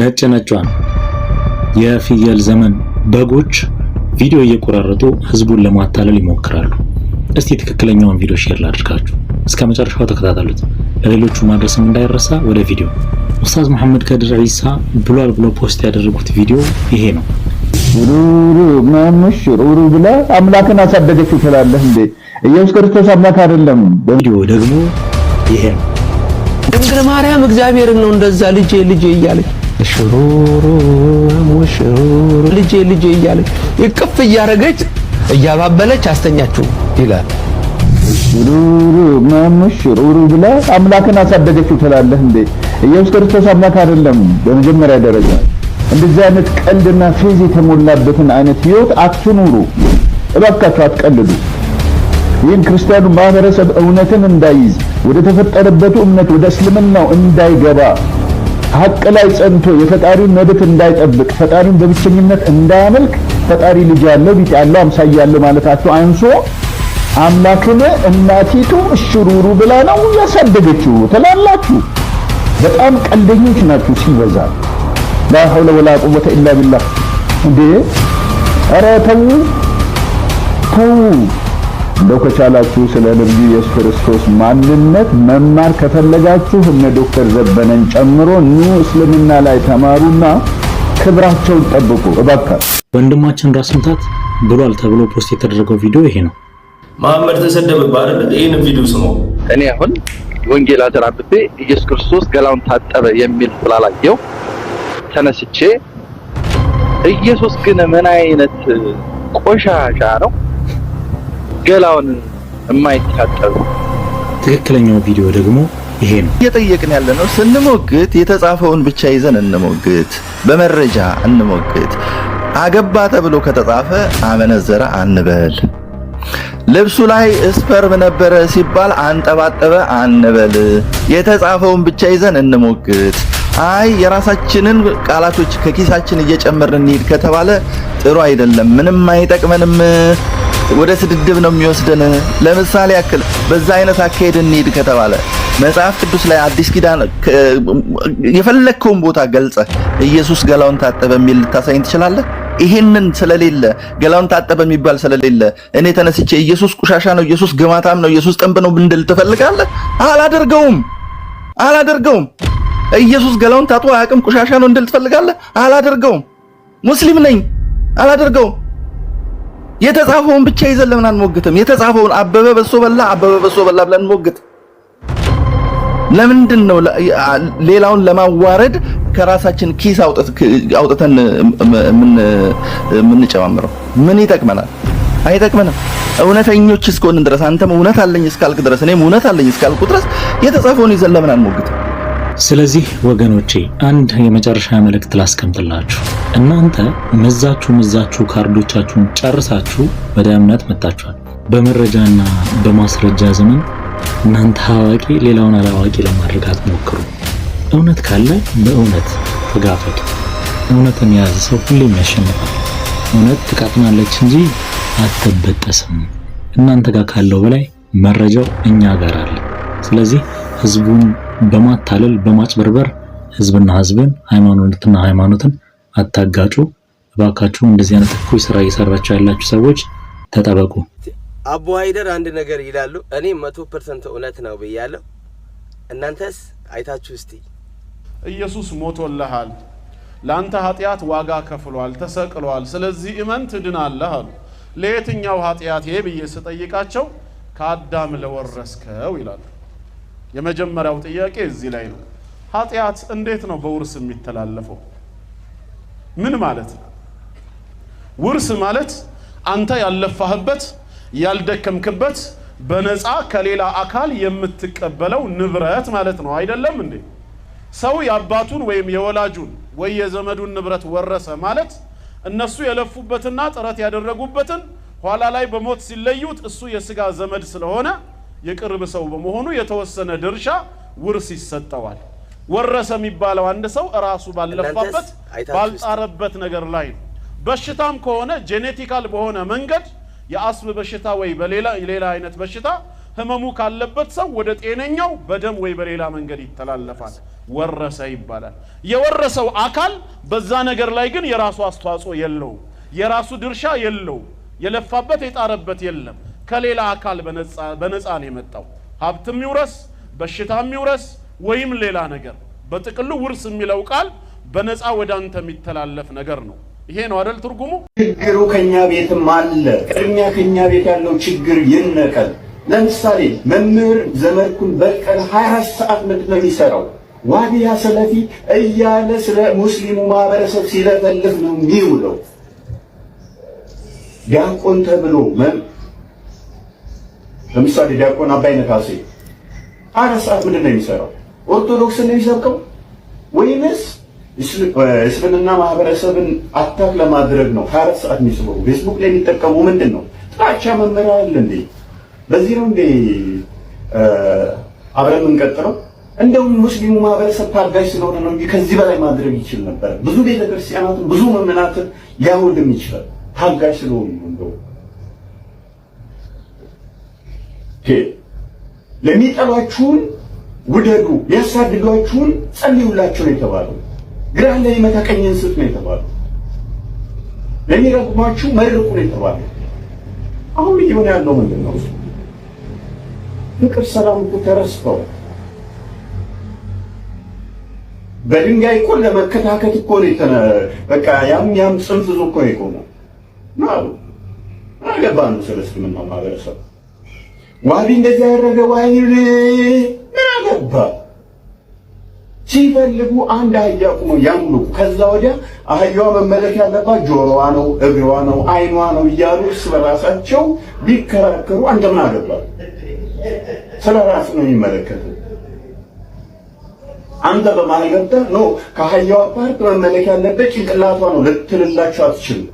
ነጭ ነጯን የፍየል ዘመን በጎች ቪዲዮ እየቆራረጡ ህዝቡን ለማታለል ይሞክራሉ። እስቲ ትክክለኛውን ቪዲዮ ሼር ላድርጋችሁ፣ እስከ መጨረሻው ተከታተሉት። ለሌሎቹ ማድረስም እንዳይረሳ። ወደ ቪዲዮ ኡስታዝ መሐመድ ከድር ዒሳ ብሏል ብሎ ፖስት ያደረጉት ቪዲዮ ይሄ ነው። ሩሩ ማምሽ ሩሩ ብለ አምላክን አሳደገች ትላለህ እንዴ? ኢየሱስ ክርስቶስ አምላክ አይደለም። ቪዲዮ ደግሞ ይሄ ነው። ድንግል ማርያም እግዚአብሔርን ነው እንደዛ ልጄ ልጄ እያለች ሽሩሩም ወሽሩሩ ልጄ ልጄ እያለች እቅፍ እያረገች እያባበለች አስተኛችሁ ይላል። ሽሩሩ ብላ አምላክን አሳደገችው ትላለህ እንዴ? ኢየሱስ ክርስቶስ አምላክ አይደለም። በመጀመሪያ ደረጃ እንደዚህ አይነት ቀልድና ፌዝ የተሞላበትን አይነት ህይወት አትኑሩ እባካችሁ፣ አትቀልዱ። ይህን ክርስቲያኑ ማህበረሰብ እውነትን እንዳይዝ ወደ ተፈጠረበት እምነት ወደ እስልምናው እንዳይገባ ሀቅ ላይ ጸንቶ የፈጣሪውን መብት እንዳይጠብቅ ፈጣሪውን በብቸኝነት እንዳያመልክ ፈጣሪ ልጅ ያለው ቢጤ ያለው አምሳያ ያለው ማለታቸው አንሶ አምላክን እናቲቱ እሽሩሩ ብላ ነው ያሳደገችው ትላላችሁ። በጣም ቀልደኞች ናችሁ ሲበዛ። ላ ሐውለ ወላ ቁወተ ኢላ ቢላህ። እንዴ ኧረ ተው ተው። እንደው ከቻላችሁ ስለ ልጁ ኢየሱስ ክርስቶስ ማንነት መማር ከፈለጋችሁ እነ ዶክተር ዘበነን ጨምሮ ኑ እስልምና ላይ ተማሩና ክብራቸውን ጠብቁ እባካ ወንድማችን ራስ ምታት ብሏል ተብሎ ፖስት የተደረገው ቪዲዮ ይሄ ነው። መሐመድ ተሰደበብህ አይደል? ቪዲዮ ስሙ። እኔ አሁን ወንጌል አደራብቤ ኢየሱስ ክርስቶስ ገላውን ታጠበ የሚል ስላላየው ተነስቼ ኢየሱስ ግን ምን አይነት ቆሻሻ ነው ገላውን የማይታጠብ ትክክለኛው ቪዲዮ ደግሞ ይሄ ነው። እየጠየቅን ያለ ነው። ስንሞግት የተጻፈውን ብቻ ይዘን እንሞግት፣ በመረጃ እንሞግት። አገባ ተብሎ ከተጻፈ አመነዘረ አንበል። ልብሱ ላይ ስፐርም ነበረ ሲባል አንጠባጠበ አንበል። የተጻፈውን ብቻ ይዘን እንሞግት። አይ የራሳችንን ቃላቶች ከኪሳችን እየጨመርን እንሂድ ከተባለ ጥሩ አይደለም፣ ምንም አይጠቅመንም። ወደ ስድድብ ነው የሚወስደን። ለምሳሌ ያክል በዛ አይነት አካሄድ እንሂድ ከተባለ መጽሐፍ ቅዱስ ላይ አዲስ ኪዳን የፈለግከውን ቦታ ገልጸ ኢየሱስ ገላውን ታጠበ የሚል ልታሳይን ትችላለህ። ይሄንን ስለሌለ ገላውን ታጠበ የሚባል ስለሌለ እኔ ተነስቼ ኢየሱስ ቆሻሻ ነው፣ ኢየሱስ ግማታም ነው፣ ኢየሱስ ጥንብ ነው ብንድል ትፈልጋለህ? አላደርገውም አላደርገውም። ኢየሱስ ገላውን ታጥቦ አያውቅም ቆሻሻ ነው እንድል ትፈልጋለህ? አላደርገውም። ሙስሊም ነኝ፣ አላደርገውም። የተጻፈውን ብቻ ይዘን ለምን አንሞግትም? የተጻፈውን አበበ በሶ በላ አበበ በሶ በላ ብለን ሞግት። ለምንድን ነው ሌላውን ለማዋረድ ከራሳችን ኪስ አውጥተን የምንጨማምረው? ምን ይጠቅመናል? አይጠቅምንም? እውነተኞች እስከሆንን ድረስ አንተም እውነት አለኝ እስካልክ ድረስ እኔም እውነት አለኝ እስካልኩ ድረስ የተጻፈውን ይዘን ለምን አንሞግትም? ስለዚህ ወገኖቼ አንድ የመጨረሻ መልእክት ላስቀምጥላችሁ። እናንተ መዛችሁ መዛችሁ ካርዶቻችሁን ጨርሳችሁ ወደ እምነት መጣችኋል። በመረጃና በማስረጃ ዘመን እናንተ አዋቂ ሌላውን አላዋቂ ለማድረግ አትሞክሩ። እውነት ካለ በእውነት ተጋፈጡ። እውነትን የያዘ ሰው ሁሌም ያሸንፋል። እውነት ትቀጥናለች እንጂ አትበጠስም። እናንተ ጋር ካለው በላይ መረጃው እኛ ጋር አለ። ስለዚህ ህዝቡን በማታለል በማጭበርበር ህዝብና ህዝብን ሃይማኖትና ሃይማኖትን አታጋጩ። እባካችሁ እንደዚህ አይነት እኩይ ስራ እየሰራችሁ ያላችሁ ሰዎች ተጠበቁ። አቡ ሀይደር አንድ ነገር ይላሉ። እኔ መቶ ፐርሰንት እውነት ነው ብያለሁ። እናንተስ አይታችሁ እስቲ ኢየሱስ ሞቶልሃል፣ ለአንተ ኃጢአት ዋጋ ከፍሏል፣ ተሰቅሏል። ስለዚህ እመን ትድናለህ አሉ። ለየትኛው ኃጢአቴ ብዬ ስጠይቃቸው ከአዳም ለወረስከው ይላሉ። የመጀመሪያው ጥያቄ እዚህ ላይ ነው። ኃጢአት እንዴት ነው በውርስ የሚተላለፈው? ምን ማለት ነው? ውርስ ማለት አንተ ያልለፋህበት ያልደከምክበት በነፃ ከሌላ አካል የምትቀበለው ንብረት ማለት ነው። አይደለም እንዴ? ሰው የአባቱን ወይም የወላጁን ወይ የዘመዱን ንብረት ወረሰ ማለት እነሱ የለፉበትና ጥረት ያደረጉበትን ኋላ ላይ በሞት ሲለዩት እሱ የስጋ ዘመድ ስለሆነ የቅርብ ሰው በመሆኑ የተወሰነ ድርሻ ውርስ ይሰጠዋል። ወረሰ የሚባለው አንድ ሰው እራሱ ባለፋበት ባልጣረበት ነገር ላይ ነው። በሽታም ከሆነ ጄኔቲካል በሆነ መንገድ የአስብ በሽታ ወይ በሌላ ሌላ አይነት በሽታ ህመሙ ካለበት ሰው ወደ ጤነኛው በደም ወይ በሌላ መንገድ ይተላለፋል፣ ወረሰ ይባላል። የወረሰው አካል በዛ ነገር ላይ ግን የራሱ አስተዋጽኦ የለውም፣ የራሱ ድርሻ የለውም፣ የለፋበት የጣረበት የለም። ከሌላ አካል በነፃ ነው የመጣው። ሀብትም ይውረስ፣ በሽታም ይውረስ ወይም ሌላ ነገር፣ በጥቅሉ ውርስ የሚለው ቃል በነፃ ወደ አንተ የሚተላለፍ ነገር ነው። ይሄ ነው አደል ትርጉሙ። ችግሩ ከኛ ቤትም አለ። ቅድሚያ ከኛ ቤት ያለው ችግር ይነቀል። ለምሳሌ መምህር ዘመድኩን በቀን አራት ሰዓት ምንድን ነው የሚሰራው? ዋዲያ ሰለፊ እያለ ስለ ሙስሊሙ ማህበረሰብ ሲለፈልፍ ነው የሚውለው። ዲያቆን ተብሎ ለምሳሌ ዲያቆን አባይነህ ካሴ አራት ሰዓት ምንድን ነው የሚሰራው? ኦርቶዶክስን ነው የሚሰብከው ወይንስ እስልምና ማህበረሰብን አታክ ለማድረግ ነው? ሀያ አራት ሰዓት የሚስበው ፌስቡክ ላይ የሚጠቀሙ ምንድን ነው? ጥላቻ መመሪያ አለ እንዴ? በዚህ ነው እንዴ አብረን የምንቀጥለው? እንደውም ሙስሊሙ ማህበረሰብ ታጋጅ ስለሆነ ነው እንጂ ከዚህ በላይ ማድረግ ይችል ነበር። ብዙ ቤተክርስቲያናትን፣ ብዙ መምናትን ሊያወድም ይችላል ታጋጅ ስለሆኑ ነው እንደው ለሚጠሏችሁን ውደዱ፣ ያሳድዷችሁን ጸልዩላቸው ነው የተባሉ። ግራህን ለሚመታ ቀኝህን ስጥ ነው የተባሉ። ለሚረግሟችሁ መርቁ ነው የተባሉ። አሁን እየሆነ ያለው ምንድን ነው? ፍቅር፣ ሰላም እኮ ተረስተው በድንጋይ እኮ ለመከታከት እኮ ነው የተነ በቃ ያም ያም ጽንፍ እኮ ነው የቆመው። አሉ አገባን ስለ እስልምና ማህበረሰብ ዋቢ እንደዚህ ያደረገ ዋይን ምን አገባ? ሲፈልጉ አንድ አህያ ቁሞ ያምሉ። ከዛ ወዲያ አህያዋ መመለክ ያለባት ጆሮዋ ነው፣ እግሯ ነው፣ አይኗ ነው እያሉ እርስ በራሳቸው ቢከራከሩ አንተ ምን አገባ? ስለ ራስ ነው የሚመለከቱ። አንተ በማልገባ ኖ ከአህያዋ ፓርት መመለክ ያለበት ጭንቅላቷ ነው ልትልላቸው አትችልም።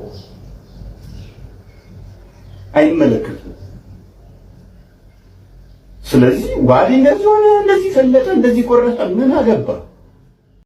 አይመለከቱ ስለዚህ ዋሊ እንደዚህ ሆነ፣ እንደዚህ ፈለጠ፣ እንደዚህ ቆረጠ ምን አገባ?